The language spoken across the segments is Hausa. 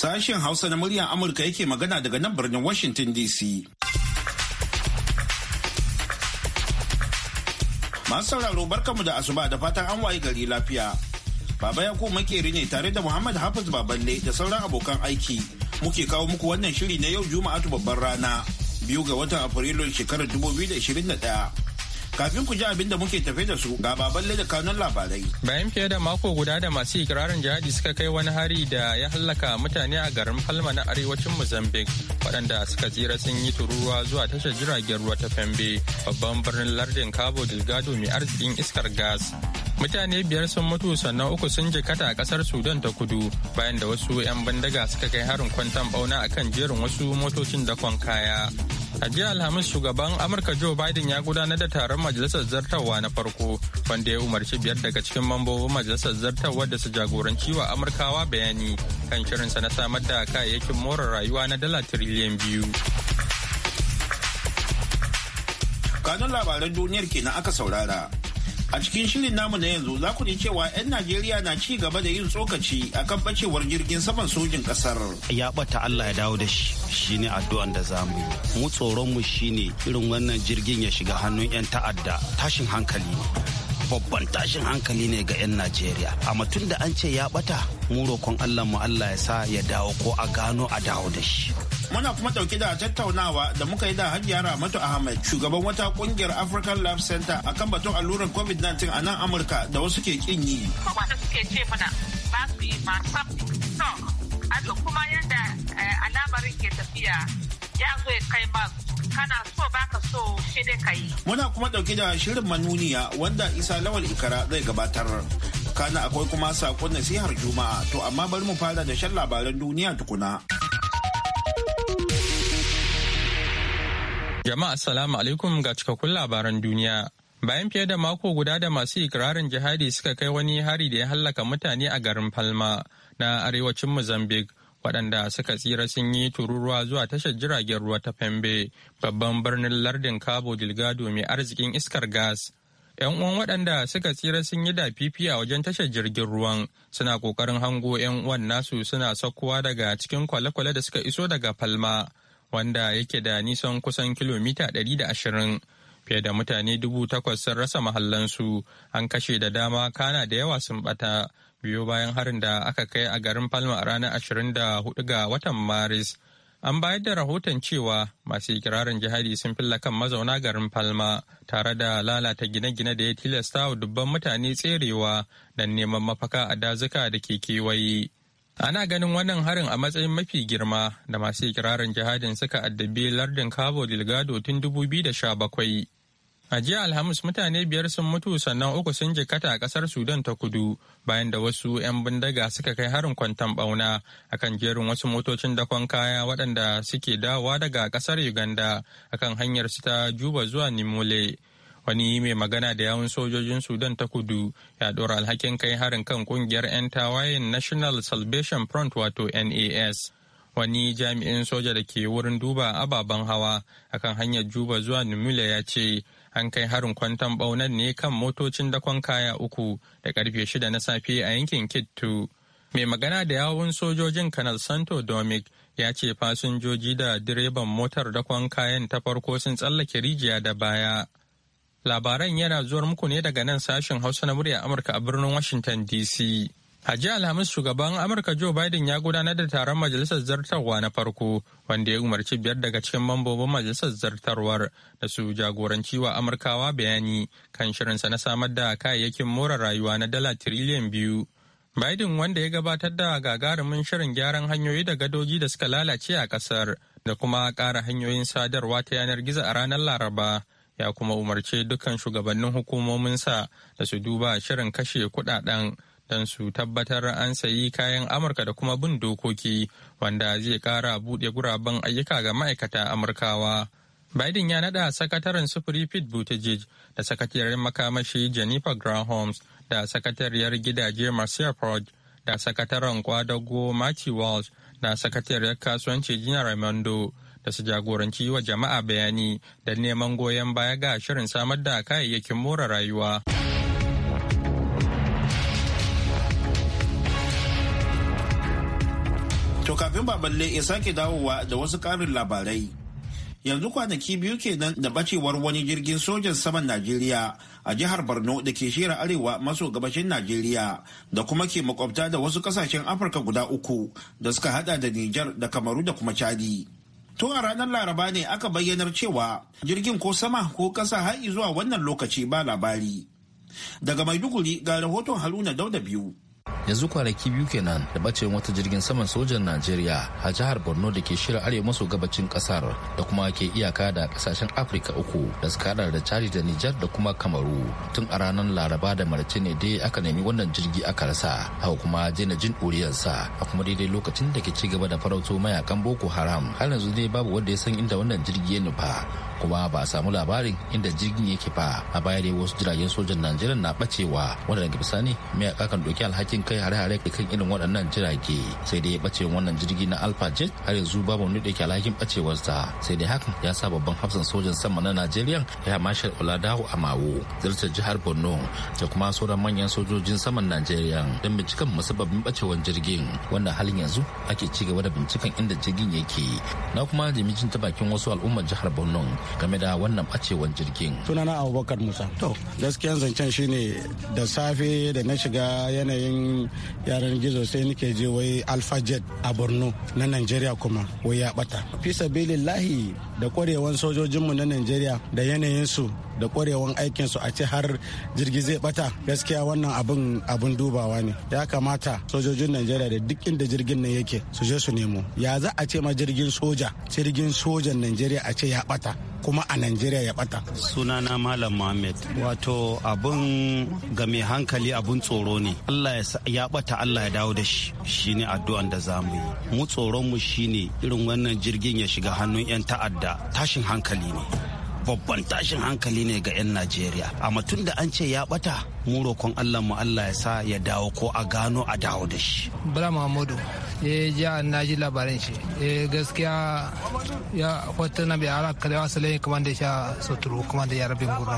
Sashen Hausa na muryar Amurka yake magana daga nan birnin Washington DC. Masu sauraro barkamu da asuba da fatan an waye gari lafiya. Baba ya makeri ne tare da Muhammad Hafiz Baballe da sauran abokan aiki. Muke kawo muku wannan shiri na yau Juma'atu babban rana. Biyu ga watan Afrilun shekarar 2021. Kafin ku ji abin da muke tafe da su ga baballe da kanun labarai. Bayan fiye da mako guda da masu ikirarin jihadi suka kai wani hari da ya hallaka mutane a garin falma na arewacin Mozambique waɗanda suka tsira sun yi tururuwa zuwa tashar jiragen ruwa ta Pembe babban birnin lardin Cabo Delgado mai arzikin iskar gas. Mutane biyar sun mutu sannan uku sun jikata a kasar Sudan ta kudu bayan da wasu 'yan bandaga suka kai harin kwantan bauna kan jerin wasu motocin dakon kaya. A jiya Alhamis shugaban Amurka Joe Biden ya gudanar da taron majalisar zartarwa na farko wanda ya umarci biyar daga cikin mambobin majalisar zartarwa da su jagoranci wa Amurkawa bayani kan shirinsa na samar da kayayyakin more rayuwa na dala tiriliyan biyu. Kanun labaran duniyar kenan aka saurara. A cikin shirin namu na yanzu za ku ji cewa 'yan Najeriya na ci gaba da yin tsokaci akan bacewar jirgin saman sojin kasar. Ya bata Allah ya dawo da shi shine addu'an da zamu yi. Mu tsoron mu shine irin wannan jirgin ya shiga hannun 'yan ta'adda tashin hankali. babban tashin hankali ne ga 'yan najeriya a matun da an ce ya bata mu allah mu allah ya sa ya dawo ko a gano a dawo da shi muna kuma dauke da tattaunawa da muka yi da hajiya ramatu ahmed shugaban wata kungiyar african Life center kan batun allurar covid-19 a nan amurka da wasu ke kin yi suke ce mana ba su yi kuma yadda eh, al'amarin ke tafiya ya zo ya kai ba kana so baka so shi dai ka yi. Muna kuma ɗauke da shirin manuniya wanda Isa Lawal Ikara zai gabatar. Kana akwai kuma saƙon nasihar Juma'a to amma bari mu fara da shan labaran duniya tukuna. Jama'a salamu alaikum ga cikakkun labaran duniya. Bayan fiye da mako guda da masu ikirarin jihadi suka kai wani hari da ya hallaka mutane a garin Falma na arewacin Mozambique waɗanda suka tsira sun yi tururuwa zuwa tashar jiragen ruwa ta Pembe, babban birnin lardin Cabo Delgado mai arzikin iskar gas. 'Yan uwan waɗanda suka tsira sun yi dafifi a wajen tashar jirgin ruwan suna ƙoƙarin hango 'yan uwan nasu suna sakkowa daga cikin kwale-kwale da suka iso daga Palma, wanda yake da nisan kusan kilomita ɗari da ashirin Fiye da mutane dubu takwas sun rasa mahallansu, an kashe da dama kana da yawa sun ɓata. biyo bayan harin da aka kai a garin palma a ranar 24 ga watan maris an bayar da rahoton cewa masu ikirarin jihadi sun filla kan mazauna garin palma tare da lalata gine-gine da ya tilasta wa dubban mutane tserewa don neman mafaka a dazuka da ke kewaye ana ganin wannan harin a matsayin mafi girma da masu ikirarin jihadin suka addabi lardin cabo delgado tun 2017 A jiya Alhamis mutane biyar sun mutu sannan uku sun jikata a kasar Sudan ta kudu bayan da wasu 'yan bindiga suka kai harin kwantan bauna a kan jerin wasu motocin dakon kaya waɗanda suke dawowa daga kasar Uganda a kan hanyar su ta Juba zuwa Nimole. Wani mai magana da yawun sojojin Sudan ta kudu ya ɗora alhakin kai harin kan kungiyar 'yan tawayen National Salvation Front wato NAS. wani jami'in soja da ke wurin duba ababen hawa akan hanyar juba zuwa numila ya ce an kai harin kwantan baunar ne kan motocin dakon kaya uku da karfe shida na safe a yankin kittu mai magana da yawun sojojin kanal santo domic ya ce fasinjoji da direban motar dakon kayan ta farko sun tsallake rijiya da baya labaran yana zuwar muku ne daga nan sashen hausa na murya amurka a birnin washington dc A jiya Alhamis shugaban Amurka Joe Biden ya gudanar da taron majalisar zartarwa na farko wanda ya umarci biyar daga cikin mambobin majalisar zartarwar da su jagoranci wa Amurkawa bayani kan shirinsa na samar da kayayyakin more rayuwa na dala tiriliyan biyu. Biden wanda ya gabatar da gagarumin shirin gyaran hanyoyi da gadoji da suka lalace a kasar da kuma kara hanyoyin sadarwa ta yanar gizo a ranar Laraba. Ya kuma umarce dukkan shugabannin hukumominsa da su duba shirin kashe kuɗaɗen don su tabbatar an sayi kayan amurka da kuma bin dokoki wanda zai kara buɗe guraben ayyuka ga ma'aikata amurkawa biden ya nada sakataren sufuri pete buttigieg da sakatariyar makamashi jennifer graham da sakatariyar gidaje marcia ford da sakataren kwadago matthew walsh da sakatariyar kasuwanci gina raimondo da su jagoranci wa jama'a bayani da neman goyon baya ga shirin samar da kayayyakin more rayuwa. kafin baballe ya sake dawowa da wasu ƙarin labarai yanzu kwanaki biyu kenan da bacewar wani jirgin sojan saman najeriya a jihar borno da ke shira arewa maso gabashin najeriya da kuma ke makwabta da wasu kasashen afirka guda uku da suka hada da nijar da kamaru da kuma chadi tun a ranar laraba ne aka bayyanar cewa jirgin ko sama ko kasa har zuwa wannan lokaci ba labari daga maiduguri ga rahoton haruna dauda biyu yanzu kwanaki biyu kenan da bacin wata jirgin saman sojan najeriya a jihar borno da ke shirin arewa maso gabacin kasar da kuma ke iyaka da kasashen afirka uku da suka da chad da nijar da kuma kamaru tun a ranar laraba da marace ne dai aka nemi wannan jirgi aka rasa haka kuma jina jin sa a kuma daidai lokacin da ke cigaba da farauto mayakan boko haram har yanzu dai babu wanda ya san inda wannan jirgi ya nufa kuma ba a samu labarin inda jirgin yake ba a baya da wasu jiragen sojan najeriya na bacewa wanda daga bisani mayaka kan doki alhakin kai kai hare-hare kan irin waɗannan jirage sai dai bacewar wannan jirgi na alpha jet har yanzu babu wani da ke alhakin bacewarsa sai dai hakan ya sa babban hafsan sojan sama na najeriya ya marshal oladahu amawo zirtar jihar borno da kuma sauran manyan sojojin saman najeriya don binciken musabbabin bacewar jirgin wanda halin yanzu ake ci gaba da binciken inda jirgin yake na kuma jimicin ta bakin wasu al'ummar jihar borno game da wannan bacewar jirgin sunana abubakar musa to gaskiyan zancen shine da safe da na shiga yanayin yaran gizo sai nike je wai alpha jet a borno na nigeria kuma wai ya bata fisa bilillahi da kwarewan sojojinmu na nigeria da yanayinsu da kwarewan aikin su a ce har jirgi zai bata gaskiya wannan abin abin dubawa ne ya kamata sojojin najeriya da duk inda jirgin nan yake su je su nemo ya za a ce ma jirgin soja jirgin sojan najeriya a ce ya bata kuma a Najeriya ya bata. Sunana Malam Muhammad. Wato abun ga mai hankali abun tsoro ne. Allah ya bata Allah ya dawo da shi. Shi ne addu'an da za mu yi. Mu tsoron mu shine irin wannan jirgin ya shiga hannun 'yan ta'adda tashin hankali ne. babban tashin hankali ne ga 'yan najeriya a tun da an ce ya bata mu roƙon allah mu allah ya sa ya dawo ko a gano a dawo da shi bala muhammadu ya eh, ji a naji labarin shi eh, gaskiya ya kwata na bai ara kalewa salai kuma da sha suturu kuma da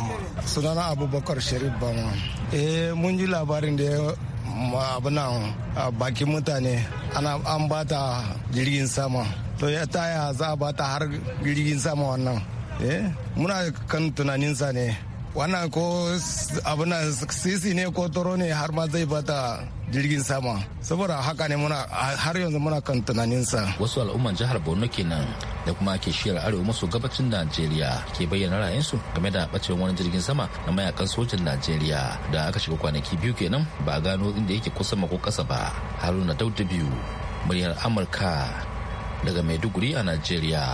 mu sunana abubakar sharif bama eh mun ji labarin da ya a bakin mutane ana an bata jirgin sama to ya taya za a bata har jirgin sama wannan Eh, muna kan tunaninsa ne wannan ko abin sisi ne ko toro ne har ma zai bata jirgin sama saboda haka ne muna har yanzu muna kan tunaninsa wasu al'umman jihar borno kenan da kuma ke shiyar arewa maso gabacin najeriya ke bayyana ra'ayinsu game da bacewar wani jirgin sama na mayakan sojin najeriya da aka shiga kwanaki biyu kenan ba gano inda yake kusa ko kasa ba haruna dauda biyu muryar amurka daga maiduguri a najeriya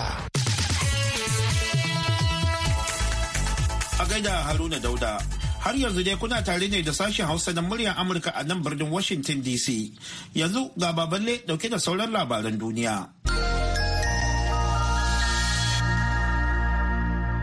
gaida Haruna Dauda. Har yanzu dai kuna tare ne da sashen Hausa na muryar Amurka a nan birnin Washington DC. Yanzu ga baballe dauke da sauran labaran duniya.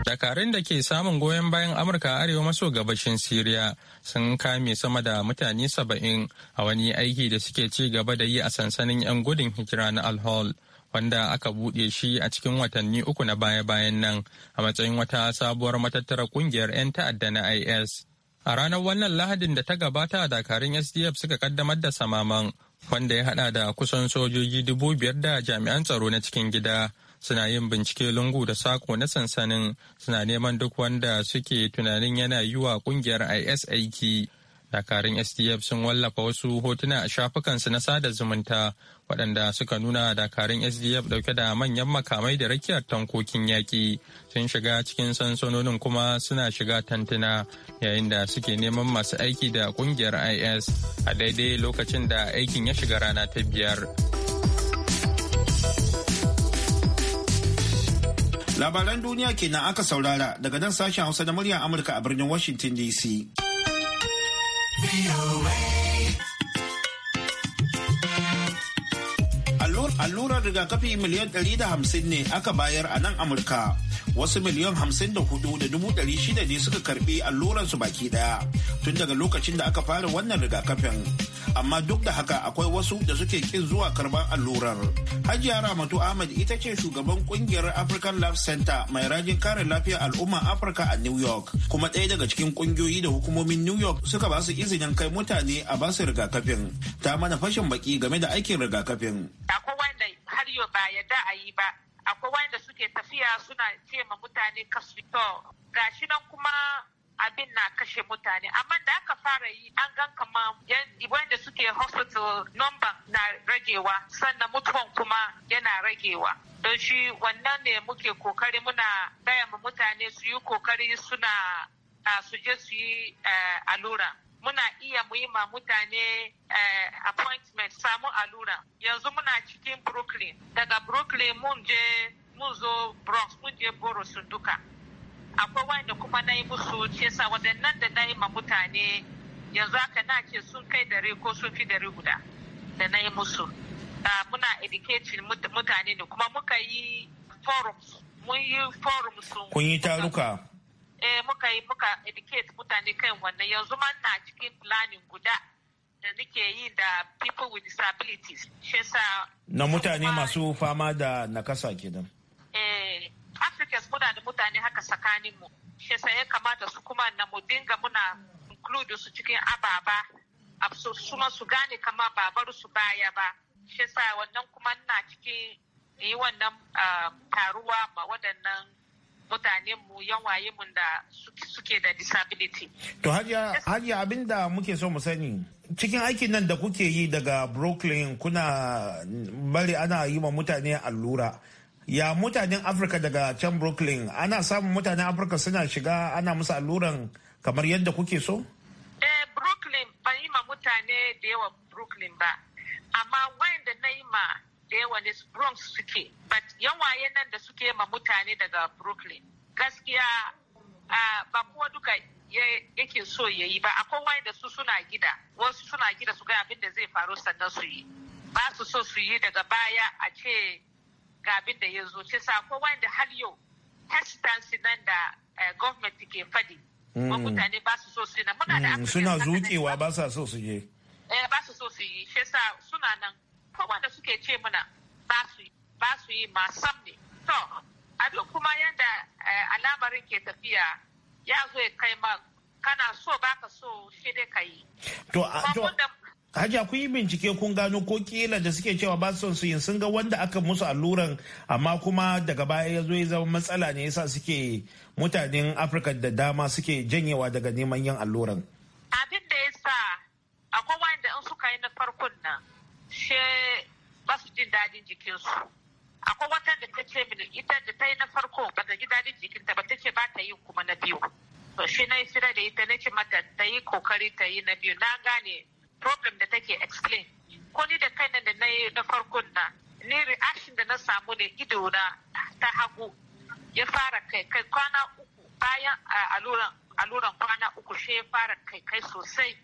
Dakarun da ke samun goyon bayan Amurka a arewa maso gabashin Siriya sun kame sama da mutane saba'in a wani aiki da suke ci gaba da yi a sansanin 'yan gudun hijira na Al-Hol. wanda aka buɗe shi a cikin watanni uku na baya-bayan nan a matsayin wata sabuwar matattara kungiyar 'yan ta'adda na is a ranar wannan lahadin da ta gabata a dakarun sdf suka kaddamar da samaman wanda ya hada da kusan sojoji dubu biyar da jami'an tsaro na cikin gida suna yin bincike lungu da sako na sansanin suna neman duk wanda suke tunanin yana yiwa wa kungiyar is aiki dakarun stf sun wallafa wasu hotuna a shafukansu na sada zumunta waɗanda suka nuna dakarun sdf ɗauke da manyan makamai da rakiyar tankokin yaƙi sun shiga cikin sansanonin kuma suna shiga tantuna yayin da suke neman masu aiki da ƙungiyar is a daidai lokacin da aikin ya shiga rana ta biyar labaran duniya kenan aka saurara daga nan sashen hausa na muryar amurka a birnin washington dc Allurar rigakafi miliyan 150 ne aka bayar a nan Amurka. wasu miliyan hamsin da hudu da dubu ɗari shida ne suka karbi su baki ɗaya tun daga lokacin da aka fara wannan rigakafin amma duk da haka akwai wasu da suke kin zuwa karban allurar hajiya ramatu ahmad ita ce shugaban kungiyar african life center mai rajin kare lafiyar al'umma afirka a new york kuma ɗaya daga cikin kungiyoyi da hukumomin new york suka ba su izinin kai mutane a ba su rigakafin ta mana fashin baki game da aikin rigakafin. wanda har yau ba yadda a yi ba akwai wanda suke tafiya suna ce ma mutane kasfito gashi nan kuma abin na kashe mutane amma da aka fara yi an gan kama wanda suke hospital number na ragewa sannan mutuwan kuma yana ragewa don shi wannan ne muke kokari muna daya ma mutane su yi kokari suna suje je su yi eh, allura muna iya ma mutane eh, appointment samu allura yanzu muna cikin brooklyn daga brooklyn mun je mun zo bronx mun je boro duka akwai wanda kuma na yi musu cesa waɗannan da na yi ma mutane yanzu aka na ce sun kai dare ko sun fi dare guda da na yi musu ah, muna educating mutane ne kuma muka yi forums mun yi forums kun yi taruka eh, muka yi muka educate mutane kan wannan yanzu ma na cikin planning guda da nake yi da people with disabilities shi sa na mutane masu fama da nakasa kenan eh Africans muna da mutane haka tsakanin mu shi sa ya kamata su kuma na mu dinga muna include su cikin ababa suma su gane kama babar su baya ba shi sa wannan kuma na cikin yi wannan ah, taruwa ma waɗannan mutanen mu waye mun da suke da disability. To hajiya abin da muke so mu sani cikin aikin nan da kuke yi daga Brooklyn kuna bari ana yi ma mutane allura. Ya mutanen Afirka daga can Brooklyn ana samun mutanen Afirka suna shiga ana musu alluran kamar yadda kuke so? Eh Brooklyn ban yi ma mutane da yawa Brooklyn ba. Amma wanda na yi ma da yawa ne Bronx suke but waye nan da suke ma mutane daga Brooklyn gaskiya ba kowa duka yake so ya yi ba akwai wani da su suna gida wasu suna gida su gaya abin zai faru sannan su yi ba su so su yi daga baya a ce ga abin da ya zo ce sako wani da har yau hesitancy nan da eh, gwamnati ke fadi hmm. mutane ba su so su yi muna da hmm, suna zuƙewa ba sa so su yi eh, ba su so su yi shi suna nan kuma da suke ce mana ba su yi sam ne to abin kuma yadda eh, al'amarin ke tafiya ya zo ya kai ma kana so baka so shi dai ka yi to Hajiya kun yi bincike kun gano ko kila da suke cewa ba su yin sun ga wanda aka musu alluran amma kuma daga baya ya zo ya zama matsala ne yasa suke mutanen Afirka da dama suke janyewa daga neman yin alluran. Abin da ya sa akwai wanda in suka yi na farkon nan she ba su jin dadin jikinsu akwai wata da ta ce mini ita da ta yi na farko ba ta ji dadin jikinta ba ta ce ba ta yi kuma na biyu to shi na yi fira da ita na ce mata ta yi kokari ta yi na biyu na gane problem da take explain ko ni da kaina da na yi na farkon na ni reaction da na samu ne ido na ta hagu ya fara kai kai kwana uku bayan aluran kwana uku shi ya fara kai kai sosai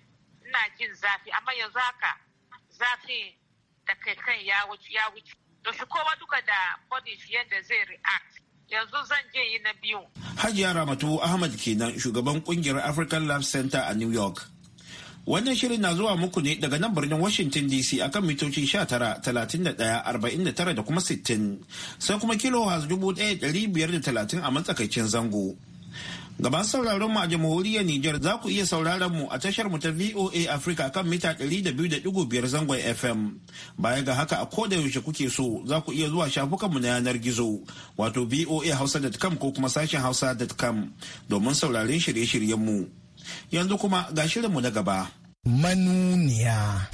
ina jin zafi amma yanzu haka zafi da kai kan ya wuce ya wuce to shi kowa duka da body shi yadda zai react yanzu zan je yi na biyu Hajiya Ramatu Ahmad kenan shugaban kungiyar African Lab Center a New York Wannan shirin na zuwa muku ne daga nan birnin Washington DC akan mitoci 19, da kuma 60 sai kuma kilo 1530 a matsakaicin zango. Gaban sauraron mu a jamhuriyar Nijar za ku iya sauraron mu a tashar mu ta VOA Africa kan mita 200.5 zangon FM. Baya ga haka a koda yaushe kuke so za ku iya zuwa shafukan mu na yanar gizo wato voahausa.com ko kuma sashen hausa.com domin sauraron shirye-shiryen mu. Yanzu kuma ga shirin mu na gaba. Manuniya.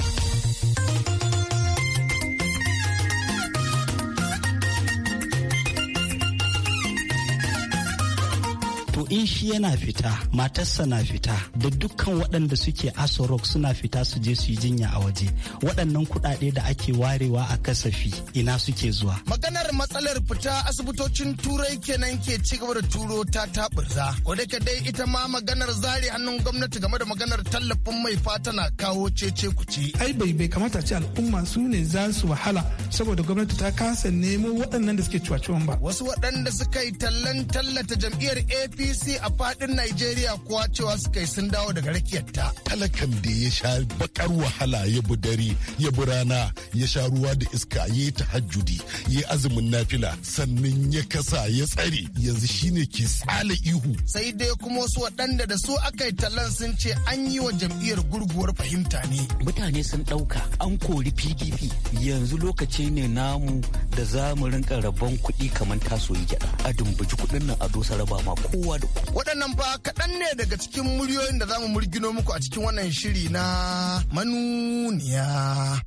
to in shi yana fita matarsa na fita da dukkan waɗanda suke asorok suna fita su je su yi jinya a waje waɗannan kuɗaɗe da ake warewa a kasafi ina suke zuwa maganar matsalar fita asibitocin turai kenan ke ci gaba da turo ta taɓurza wadda dai ita ma maganar zari hannun gwamnati game da maganar tallafin mai fata na kawo cece kuce ai bai bai kamata ce al'umma su ne za su wahala saboda gwamnati ta kasa nemo waɗannan da suke cuwa ba wasu waɗanda suka yi tallan tallata jam'iyyar apc apc a fadin nigeria kuwa cewa suka yi sun dawo daga rakiyarta talakan da ya sha bakar wahala ya bi dare ya bi rana ya sha ruwa da iska ya yi tahajjudi ya azumin nafila sannan ya kasa ya tsare yanzu shine ke tsala ihu sai dai kuma wasu waɗanda da su aka yi talan sun ce an yi wa jam'iyyar gurguwar fahimta ne mutane sun ɗauka an kori pdp yanzu lokaci ne namu da zamu rinka rabon kuɗi kamar tasoyi gyaɗa a dumbuji kuɗin nan a dosa raba ma kowa Ahmadu. Waɗannan ba kaɗan ne daga cikin muryoyin da za mu murgino muku a cikin wannan shiri na manuniya.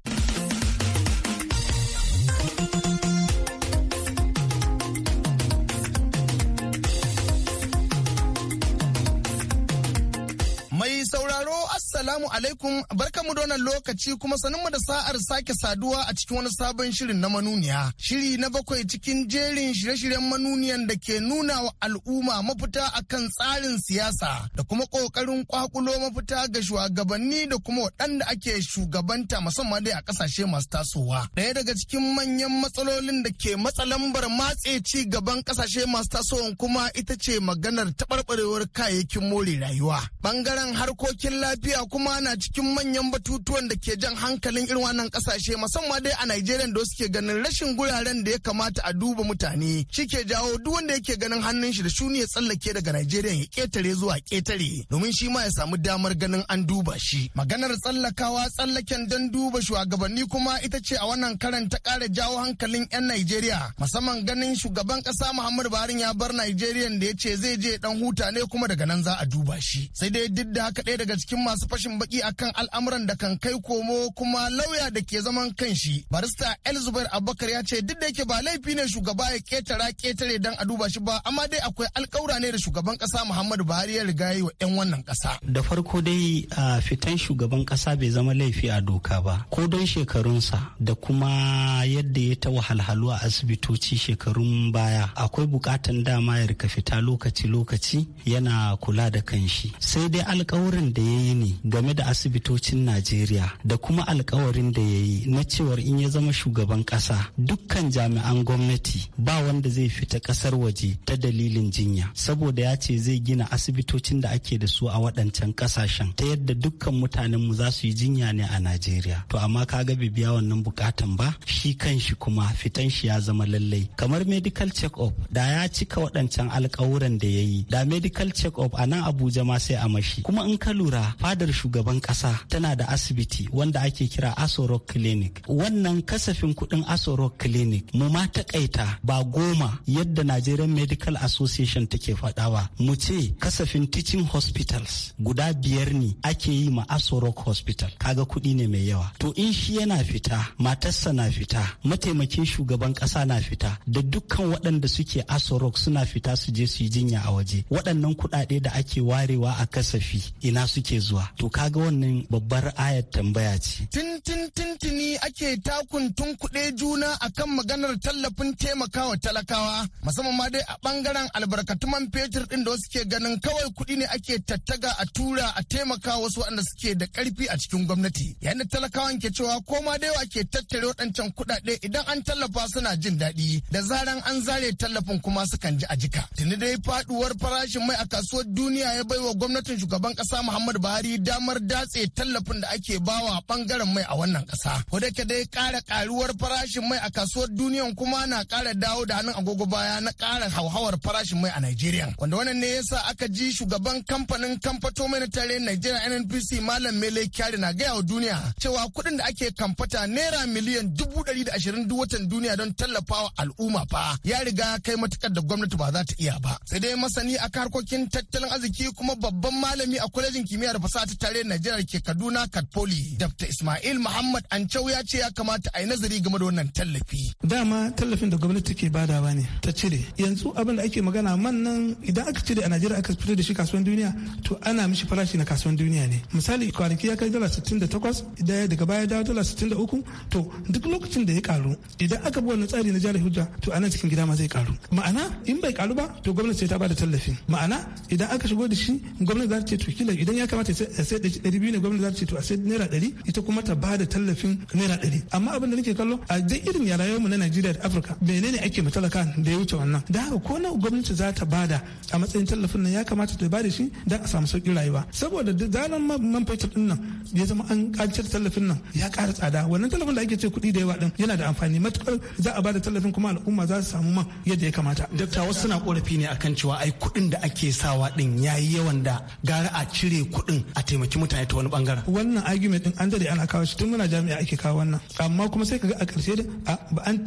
Assalamu alaikum barkamu da wannan lokaci kuma sanin da sa'ar sake saduwa a cikin wani sabon shirin na manuniya. Shiri na bakwai cikin jerin shirye-shiryen manuniyan da ke nuna wa al'umma mafita a kan tsarin siyasa da kuma kokarin kwakulo mafita ga shugabanni da kuma waɗanda ake shugabanta musamman dai a ƙasashe masu tasowa. Ɗaya daga cikin manyan matsalolin da ke matsa lambar matse ci gaban ƙasashe masu tasowa kuma ita ce maganar taɓarɓarewar kayayyakin more rayuwa. Bangaren harkokin lafiya kuma kuma na cikin manyan batutuwan da ke jan hankalin irin wannan kasashe musamman dai a Najeriya da suke ganin rashin guraren da ya kamata a duba mutane shi ke jawo duk wanda yake ganin hannun shi da shuni ya tsallake daga Najeriya ya ketare zuwa ketare domin shi ma ya samu damar ganin an duba shi maganar tsallakawa tsallaken dan duba shugabanni kuma ita ce a wannan karan ta kara jawo hankalin 'yan Najeriya musamman ganin shugaban kasa Muhammadu Buhari ya bar Najeriya da ya ce zai je dan huta ne kuma daga nan za a duba shi sai dai duk da haka ɗaya daga cikin masu fashin rashin baki akan al'amuran da kan kai komo kuma lauya da ke zaman kanshi barista el abubakar ya ce duk da yake ba laifi ne shugaba ya ketara ketare dan a duba shi ba amma dai akwai alkaura ne da shugaban kasa muhammadu buhari ya riga yi wa yan wannan kasa da farko dai a fitan shugaban kasa bai zama laifi a doka ba ko don shekarunsa da kuma yadda ya ta wahalhalu a asibitoci shekarun baya akwai bukatan dama ya rika fita lokaci lokaci yana kula da kanshi sai dai alkawarin da ya yi ne ga game da asibitocin najeriya da kuma alkawarin da ya yi na cewar in ya zama shugaban ƙasa dukkan jami'an gwamnati ba wanda zai fita ƙasar waje ta dalilin jinya saboda ya ce zai gina asibitocin da ake da su a waɗancan ƙasashen ta yadda dukkan mutanen mu za su yi jinya ne a najeriya to amma kaga bai biya wannan bukatan ba shi kan shi kuma fitan shi ya zama lallai kamar medical check-up da ya cika waɗancan alkawuran da ya yi da medical check-up a nan abuja ma sai a mashi kuma in ka lura fadar shugaban shugaban kasa tana da asibiti wanda ake kira asoro clinic wannan kasafin kudin asoro clinic mu ma takaita ba goma yadda nigerian medical association take faɗa ba mu ce kasafin teaching hospitals guda biyar ne ake yi ma asoro hospital kaga kudi ne mai yawa to in shi yana fita matarsa na fita mataimakin shugaban kasa na fita da dukkan waɗanda suke asorok suna fita su je su yi jinya a waje waɗannan kuɗaɗe da ake warewa a kasafi ina suke zuwa to kaga wannan babbar ayar tambaya ce. Tintin tintini ake takun tun kuɗe juna kan maganar tallafin taimakawa talakawa musamman ma dai a ɓangaren albarkatun man fetur ɗin da wasu ke ganin kawai kuɗi ne ake tattaga a tura a taimaka wasu waɗanda suke da ƙarfi a cikin gwamnati. Yayin da talakawan ke cewa ko ma dai ke tattare waɗancan kuɗaɗe idan an tallafa suna jin daɗi da zaran an zare tallafin kuma sukan ji a jika. Tuni dai faɗuwar farashin mai a kasuwar duniya ya baiwa gwamnatin shugaban ƙasa Muhammadu Buhari dama. damar datse tallafin da ake bawa bangaren mai a wannan kasa. Kodake dai kara karuwar farashin mai a kasuwar duniya kuma na kara dawo da hannun agogo baya na kara hauhawar farashin mai a nigeria Wanda wannan ne yasa aka ji shugaban kamfanin kamfato mai na tare nigeria NNPC Malam Mele Kyari na gaya wa duniya cewa kuɗin da ake kamfata naira miliyan dubu ɗari da ashirin duk watan duniya don tallafawa al'umma fa ya riga kai matukar da gwamnati ba za ta iya ba. Sai dai masani a harkokin tattalin arziki kuma babban malami a kwalejin kimiyya da fasaha ta tare Yobe Najeriya ke Kaduna Katpoli. Dr. Ismail Muhammad Ancau ya ce ya kamata a yi nazari game da wannan tallafi. Dama tallafin da gwamnati ke badawa ne ta cire. Yanzu abin da ake magana man nan idan aka cire a Najeriya aka fito da shi kasuwan duniya to ana mishi farashi na kasuwan duniya ne. Misali kwanaki ya kai dala 68 ya daga baya dawo dala 63 to duk lokacin da ya karu idan aka bi wannan tsari na jihar hujja to anan cikin gida ma zai karu. Ma'ana in bai karu ba to gwamnati ta bada tallafi. Ma'ana idan aka shigo da shi gwamnati za ta ce to kila idan ya kamata sai da ɗari biyu ne gwamnati za ta ce to a sai naira ɗari ita kuma ta bada tallafin naira ɗari amma abin da nake kallo a duk irin ya rayuwarmu na najeriya da afirka menene ake talaka da ya wuce wannan da haka ko nawa gwamnati za ta bada a matsayin tallafin nan ya kamata ta bada shi don a samu sauƙin rayuwa saboda da zanen man fetur ɗin nan ya zama an kancin tallafin nan ya ƙara tsada wannan tallafin da ake ce kuɗi da yawa ɗin yana da amfani matuƙar za a bada tallafin kuma al'umma za su samu man yadda ya kamata. dakta wasu suna korafi ne akan cewa ai kuɗin da ake sawa ɗin ya yi yawan da gara a cire kuɗin a taimaki mutane ta wani bangaren wannan argument din an dade ana kawo shi tun muna jami'a ake kawo wannan amma kuma sai ga a karshe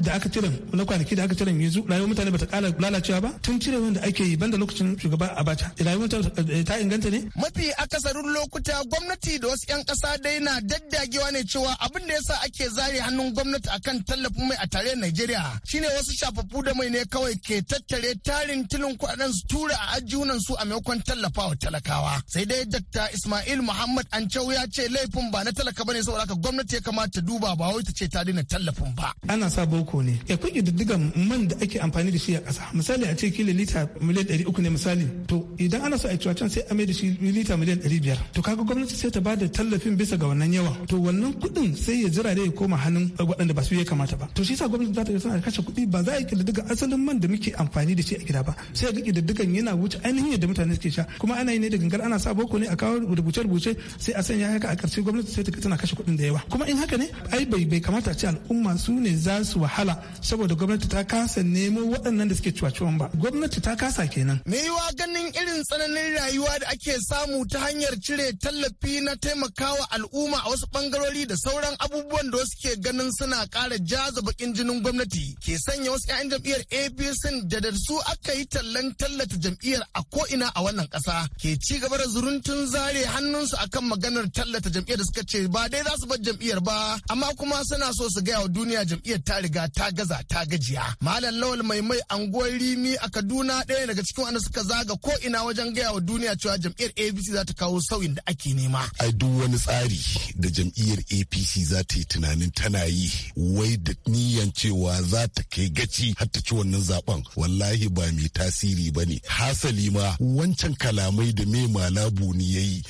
da aka cire na kwanaki da aka cire yanzu rayuwar mutane bata kara lalacewa ba tun cire wanda ake yi banda lokacin shugaba Abacha rayuwar mutane eh, ta inganta ne mafi akasarin lokuta gwamnati da wasu 'yan kasa dai na daddagewa ne cewa abin da yasa ake zare hannun gwamnati akan tallafin mai a tarayyar Najeriya shine wasu shafaffu da mai ne kawai ke tattare tarin tilin kuɗaɗen su tura a ajiyunan su a maimakon tallafawa talakawa sai dai Dr. Ismail Muhammad Ancau ya ce laifin ba na talaka bane saboda haka gwamnati ya kamata duba ba wai ta ce ta dina tallafin ba. Ana sa boko ne. Ya eh, kun diddigan man da ake amfani da shi a ƙasa. Misali a ce kila lita miliyan ɗari uku ne misali. To idan ana so a cuwa can sai a mai da shi lita miliyan ɗari biyar. To kaga gwamnati sai ta ba da tallafin bisa ga wannan yawa. To wannan kuɗin sai ya jira ya koma hannun waɗanda ba su ya kamata ba. To shi sa gwamnati za ta suna kashe kuɗi ba za a yi diddigan asalin man da muke amfani da shi a gida ba. Sai a ga diddigan yana wuce ainihin yadda mutane suke sha. Kuma ana yi ne da gangar ana sa boko ne a kawo rubuce-rubuce rubuce sai a sanya haka a ƙarshe gwamnati sai ta tana kashe kuɗin da yawa kuma in haka ne ai bai bai kamata ce al'umma su ne za su wahala saboda gwamnati ta kasa nemo waɗannan da suke cuwacuwan ba gwamnati ta kasa kenan. me yiwa ganin irin tsananin rayuwa da ake samu ta hanyar cire tallafi na taimakawa al'umma a wasu bangarori da sauran abubuwan da wasu ke ganin suna ƙara jaza bakin jinin gwamnati ke sanya wasu 'yan jam'iyyar apc da da su aka yi tallan tallata jam'iyyar a ko'ina a wannan ƙasa ke ci gaba da zuruntun zare hannun su akan maganar tallata jam'iyyar da suka ce ba dai za su bar jam'iyyar ba amma kuma suna so su gaya wa duniya jam'iyyar ta riga ta gaza ta gajiya malam lawal mai mai anguwar rimi a kaduna ɗaya daga cikin wanda suka zaga ko ina wajen gaya wa duniya cewa jam'iyyar apc za ta kawo sauyin da ake nema ai duk wani tsari da jam'iyyar apc za ta yi tunanin tana yi wai da niyan cewa za ta kai gaci har ta ci wannan zaben wallahi ba mai tasiri ba ne hasali ma wancan kalamai da mai malabu ne ya yi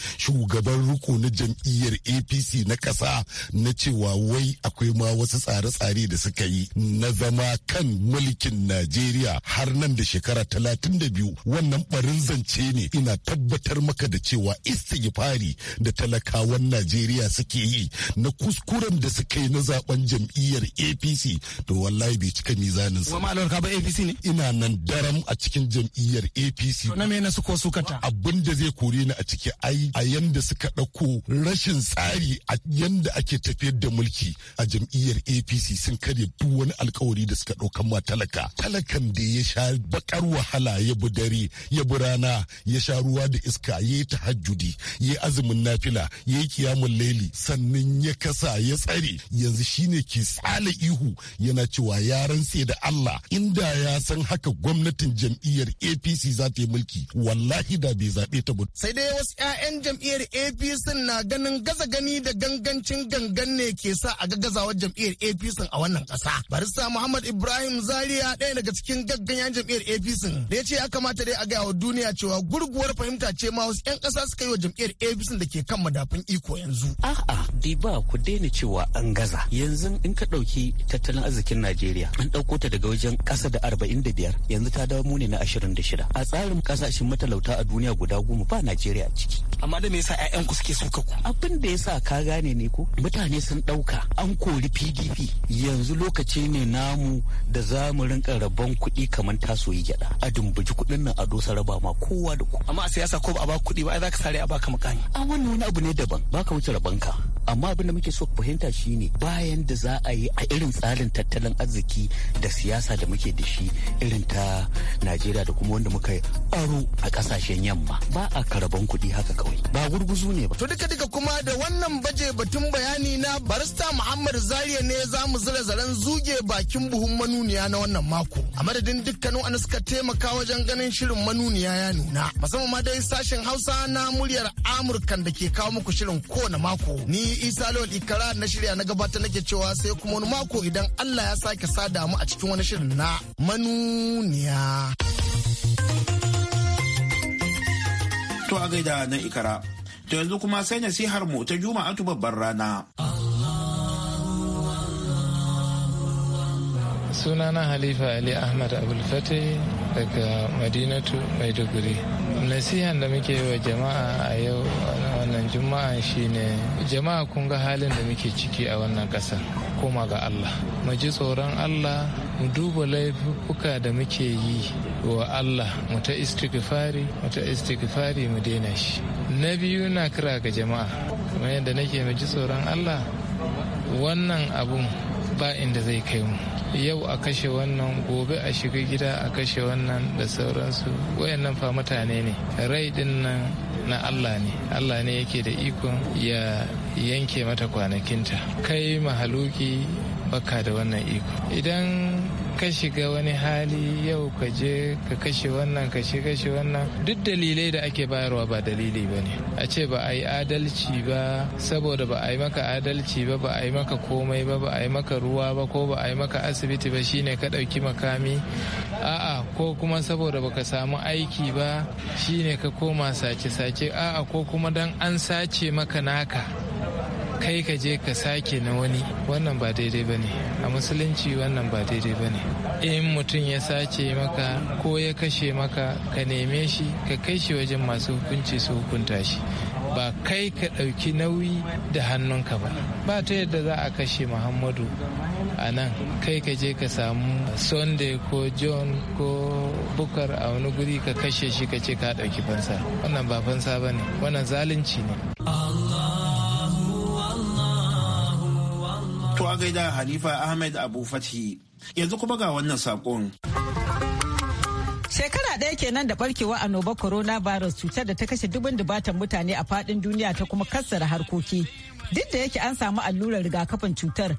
shugaban riko na jam'iyyar apc na ƙasa na cewa wai akwai ma wasu tsare-tsare da suka yi na zama kan mulkin najeriya har nan da shekara talatin da biyu wannan barin zance ne ina tabbatar maka da cewa istighfari da talakawan najeriya suke yi na kuskuren da suka yi na zaben jam'iyyar apc to wallahi bai cika mizanin sa apc ne ina nan daram a cikin jam'iyyar apc na me na suko sukata abin da zai kore ni a ciki ai a yanda suka ɗauko rashin tsari a yadda ake tafiyar da mulki a jam'iyyar apc sun karya duk wani alkawari da suka ɗaukan ma talaka talakan da ya sha bakar wahala ya bi dare ya bi rana ya sha ruwa da iska ya yi tahajjudi ya yi azumin nafila ya yi kiyamun laili sannan ya kasa ya tsare yanzu shine ke tsala ihu yana cewa ya rantse da allah inda ya san haka gwamnatin jam'iyyar apc za ta yi mulki wallahi da bai zaɓe ta ba sai dai wasu 'ya'yan jam'iyyar apc na ganin gaza gani da gangancin gangan ne ke sa a gagazawar jam'iyyar apc a wannan kasa barista muhammad ibrahim zaria ɗaya daga cikin gaggayan jam'iyyar apc da ya ce ya kamata dai a gaya wa duniya cewa gurguwar fahimta ce ma wasu 'yan kasa suka yi wa jam'iyyar apc da ke kan madafin iko yanzu a'a dai ba ku daina cewa an gaza yanzu in ka ɗauki tattalin arzikin najeriya an ɗauko ta daga wajen ƙasa da arba'in da biyar yanzu ta dawo mu ne na ashirin da shida a tsarin ƙasashen matalauta a duniya guda goma ba najeriya ciki amma da me yasa 'ya'yan ku suke suka ku abin da sa ka gane ne ko mutane sun ɗauka an kori pdp yanzu lokaci ne namu da za mu rinka rabon kuɗi kamar tasoyi gyaɗa a dumbuji kuɗin nan a dosa raba ma kowa da kowa amma a siyasa ko ba a ba kuɗi ba ai za ka sare a baka makani. a wannan wani abu ne daban baka wuce rabanka amma abin da muke so fahimta shi ne. bayan da za a yi a irin tsarin tattalin arziki da siyasa da muke da shi irin ta najeriya da kuma wanda muka yi aro a kasashen yamma ba a karaban kuɗi haka kawai ba gurgu ne ba to duka duka kuma da wannan baje batun bayani na barista muhammad zaria ne za mu zira zaren zuge bakin buhun manuniya na wannan mako a madadin dukkanin wani suka taimaka wajen ganin shirin manuniya ya nuna musamman ma dai sashen hausa na muryar amurkan da ke kawo muku shirin kowane mako ni isa lawal ikara na shirya na gabata nake cewa sai kuma wani mako idan allah ya sake sada mu a cikin wani shirin na manuniya to a gaida na ikara To yanzu kuma sai nasihar mu ta Juma'atu babbar rana. Sunana Halifa Ali Ahmad Abulfate daga Madinatu Maiduguri. Nasihan da muke wa jama'a a yau wannan juma'a shine jama'a kun ga halin da muke ciki a wannan ƙasa koma ga allah mu ji tsoron allah mu duba laifuka da muke yi wa allah mu ta istighfari mu ta istighfari mu daina shi na biyu na kira ga jama'a kamar yadda nake mu ji tsoron allah wannan abun ba inda zai kai mu yau a kashe wannan gobe a shiga gida a kashe wannan da sauransu wayannan fa mutane ne rai din nan na Allah ne Allah ne yake da ikon ya yanke mata kwanakinta kai mahaluki baka da wannan iko idan ka shiga wani hali yau ka je ka kashe wannan ka shi wannan duk dalilai da ake bayarwa ba dalili ba ne a ce ba a yi adalci ba saboda ba a yi maka adalci ba ba a yi maka komai ba ba a yi maka ruwa ba ko ba a yi maka asibiti ba shine ka ɗauki makami a'a ko kuma saboda baka samu aiki ba shine ka koma sace-sace a'a ko kuma dan an sace maka naka kai ka je ka sake na wani wannan ba daidai ba ne a musulunci wannan ba daidai ba ne in mutum ya sace maka ko ya kashe maka ka neme shi ka kai shi wajen masu hukunci su hukunta shi ba kai ka ɗauki nauyi da hannunka ba ba ta yadda za a kashe muhammadu a nan kai ka je ka samu sunday ko john ko bukar a wani guri ka kashe shi ka ce ka ɗauki fansa wannan ba fansa ba ne wannan zalunci ne To a gaida Hanifa Ahmed Abu Fathi. Yanzu kuma ga wannan saƙon. Shekara ɗaya kenan da barkewa annoba coronavirus cutar da ta kashe dubin dubatan mutane a faɗin duniya ta kuma kassara harkoki. Duk da yake an samu allurar rigakafin cutar,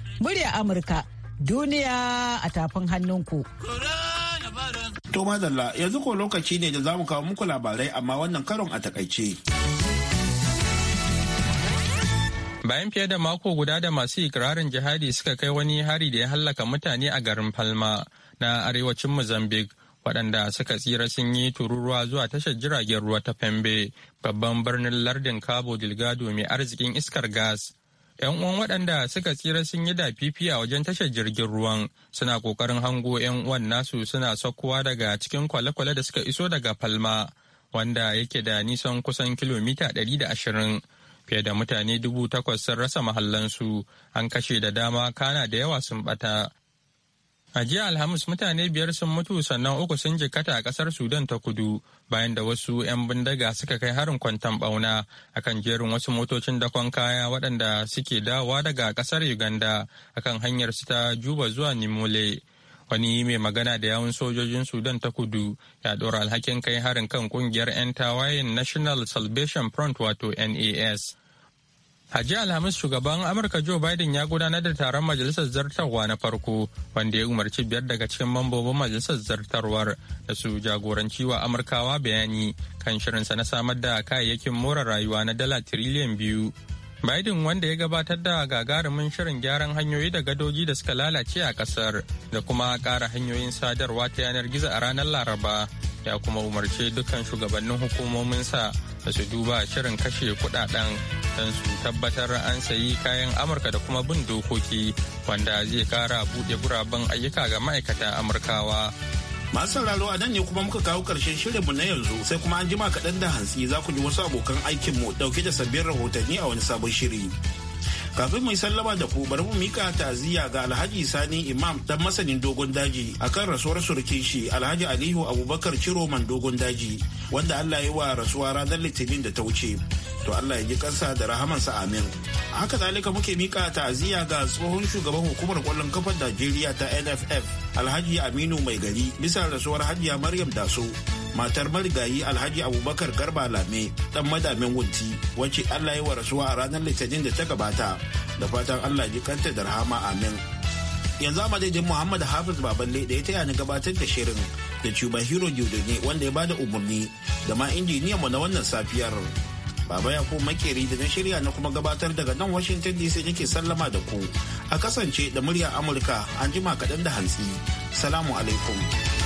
murya Amurka duniya a tafin hannunku. To madalla yanzu ko lokaci ne da za mu kawo muku labarai amma wannan karon a takaice. Bayan fiye da mako guda da masu ikirarin jihadi suka kai wani hari da ya hallaka mutane a garin falma na arewacin Mozambique waɗanda suka tsira sun yi tururuwa zuwa tashar jiragen ruwa ta Pembe babban birnin lardin Cabo Delgado mai arzikin iskar gas. 'Yan uwan waɗanda suka tsira sun yi dafifi a wajen tashar jirgin ruwan suna ƙoƙarin hango 'yan uwan nasu suna sakkowa daga cikin kwale-kwale da suka iso daga Palma wanda yake da nisan kusan kilomita 120 fiye da mutane dubu takwas sun rasa mahallansu an kashe da dama kana da yawa sun bata A jiya Alhamis mutane biyar sun mutu sannan uku sun jikata a kasar Sudan ta kudu bayan da wasu 'yan bindiga suka kai harin kwantan bauna akan jerin wasu motocin dakon kaya waɗanda suke dawa daga ƙasar uganda akan hanyar su ta juba zuwa nimole wani mai magana da yawun sojojin sudan ta kudu ya ɗora alhakin kai harin kan ƙungiyar 'yan tawayen national salvation front wato nas A jiya Alhamis shugaban Amurka Joe Biden ya gudanar da taron majalisar zartarwa na farko wanda ya umarci biyar daga cikin mambobin majalisar zartarwar da su jagoranci wa Amurkawa bayani kan shirinsa na samar da kayayyakin more rayuwa na dala tiriliyan biyu. Biden wanda ya gabatar da gagarumin shirin gyaran hanyoyi da gadoji da suka lalace a kasar da kuma kara hanyoyin sadarwa ta yanar gizo a ranar Laraba ya kuma umarce dukkan shugabannin hukumominsa da su duba shirin kashe kudaden don su tabbatar an sayi kayan amurka da kuma bin dokoki wanda zai kara buɗe guraben ayyuka ga ma'aikata amurkawa masu sauraro a nan ne kuma muka kawo karshen mu na yanzu sai kuma an jima kaɗan da hantsi za ku ji wasu abokan aikinmu ɗauke da sabbin rahotanni a wani sabon shiri kafin mai sallama da ku bari mu mika ta'aziyya ga alhaji sani imam dan masanin dogon daji akan rasuwar surkin shi alhaji aliyu abubakar ciroman dogon daji wanda Allah ya wa rasuwa ranar litinin da ta wuce to Allah ya ji kansa da rahamansa amin haka zalika muke mika ta'aziyya ga tsohon shugaban hukumar kwallon kafar Najeriya ta NFF Alhaji Aminu Mai Gari bisa rasuwar Hajiya Maryam Daso matar marigayi Alhaji Abubakar Garba Lame dan madamin wunti wacce Allah ya wa rasuwa a ranar litinin da ta gabata da fatan Allah ya ji kanta da rahama amin yanzu a madadin Muhammad Hafiz Baballe da ya taya ni gabatar da shirin da Cuba Hero ne wanda ya bada umarni da ma injiniyan mu na wannan safiyar. Baba ya ko makeri da na shirya na kuma gabatar daga nan Washington DC nake sallama da ku. A kasance da murya Amurka an jima kaɗan da hantsi. Salamu alaikum.